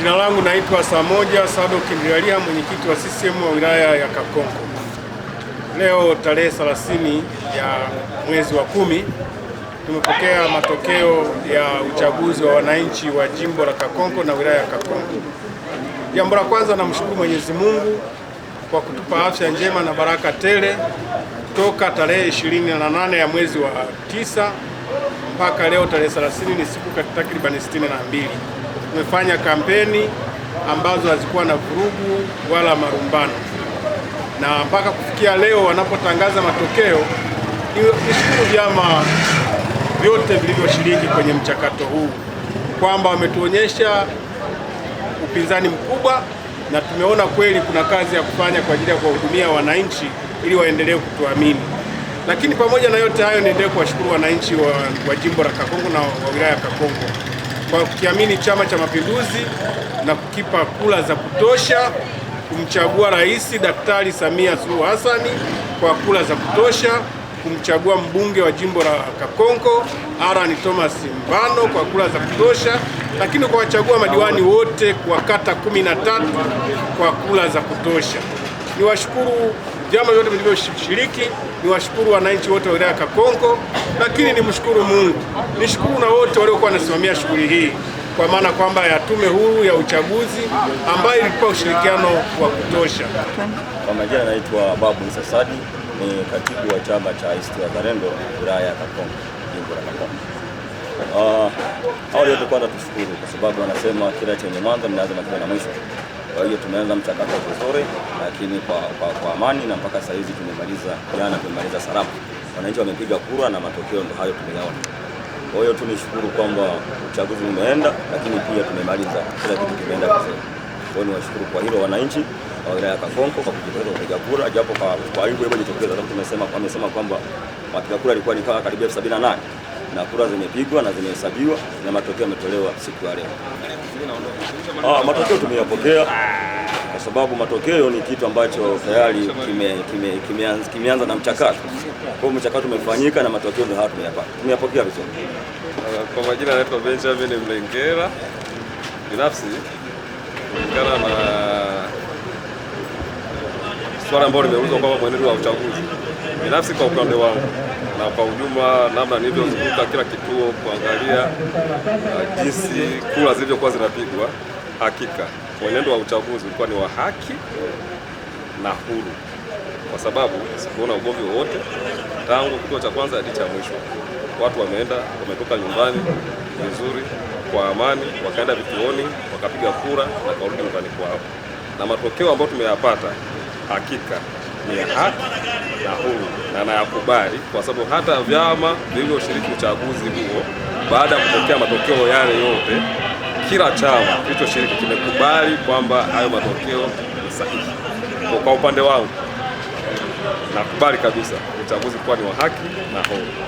Jina langu naitwa Samoja Sado Kindiralia, mwenyekiti wa CCM wa wilaya ya Kakonko. Leo tarehe 30 ya mwezi wa kumi tumepokea matokeo ya uchaguzi wa wananchi wa jimbo la Kakonko na wilaya ya Kakonko. Jambo la kwanza, namshukuru Mwenyezi Mungu kwa kutupa afya njema na baraka tele toka tarehe 28 ya mwezi wa tisa mpaka leo tarehe 30, ni siku takribani 62 tumefanya kampeni ambazo hazikuwa na vurugu wala marumbano, na mpaka kufikia leo wanapotangaza matokeo, nishukuru vyama vyote vilivyoshiriki kwenye mchakato huu kwamba wametuonyesha upinzani mkubwa, na tumeona kweli kuna kazi ya kufanya kwa ajili ya kuwahudumia wananchi ili waendelee kutuamini. Lakini pamoja na yote hayo, niendelee kuwashukuru wananchi wa, wa jimbo la Kakongo na wa wilaya ya Kakongo kwa kukiamini Chama cha Mapinduzi na kukipa kula za kutosha kumchagua Rais Daktari Samia Suluhu Hassan, kwa kula za kutosha kumchagua mbunge wa jimbo la Kakonko Arani Thomas Mbano kwa kula za kutosha, lakini kwa wachagua madiwani wote kwa kata 13 tatu kwa kula za kutosha. Niwashukuru vyama vyote vilivyoshiriki niwashukuru wananchi wote wa wilaya Kakonko, lakini nimshukuru Mungu, nishukuru na wote waliokuwa wanasimamia shughuli hii kwa maana kwamba ya Tume Huru ya Uchaguzi ambayo ilikuwa ushirikiano wa kutosha. Kwa majina naitwa Babu Sasadi, ni katibu wa chama cha ACT Wazalendo wilaya ya Kakonko, jimbo la Kakonko. Uh, hao yote kwanza tushukuru kwa sababu wanasema kila chenye mwanzo mnaanza na kila na mwisho kwa hiyo tumeanza mchakato vizuri, lakini kwa, kwa, kwa amani na mpaka sasa hizi tumemaliza jana, tumemaliza salama, wananchi wamepiga kura na matokeo ndio hayo tumeyaona. Kwa hiyo tunishukuru kwamba uchaguzi umeenda, lakini pia tumemaliza kila kitu kimeenda vizuri. Kwa hiyo niwashukuru kwa hilo wananchi wa wilaya ya Kakonko kwa kujitokeza kupiga kura, japo kwa aibu hiyo jitokeza, tumesema amesema kwamba wapiga kura alikuwa ni kama karibia elfu sabini na nane na kura zimepigwa na zimehesabiwa na matokeo yametolewa siku ya leo. Ah, matokeo tumeyapokea kwa sababu matokeo ni kitu ambacho tayari kimeanza kime, kime, kime na mchakato. Kwa hiyo mchakato umefanyika na matokeo ndio hapo tumeyapata. Tumeyapokea vizuri. Eh, kwa majina naitwa Benjamin Mlengera. Binafsi kulingana na swala ambalo limeulizwa kwamba mwenendo wa uchaguzi, binafsi kwa upande wangu na kwa ujumla namna nilivyozunguka kila kituo kuangalia uh, jinsi kura zilivyokuwa zinapigwa, hakika mwenendo wa uchaguzi ulikuwa ni wa haki na huru, kwa sababu sikuona ugomvi wowote tangu kituo cha kwanza hadi cha mwisho. Watu wameenda wametoka nyumbani vizuri kwa amani, wakaenda vituoni wakapiga kura na karudi nyumbani kwao, na matokeo ambayo tumeyapata hakika ni ya haki na huru na nayakubali, kwa sababu hata vyama vilivyoshiriki uchaguzi huo baada ya kupokea matokeo yale yote, kila chama kilichoshiriki kimekubali kwamba hayo matokeo ni sahihi. Kwa upande wangu nakubali kabisa uchaguzi kuwa ni wa haki na huru.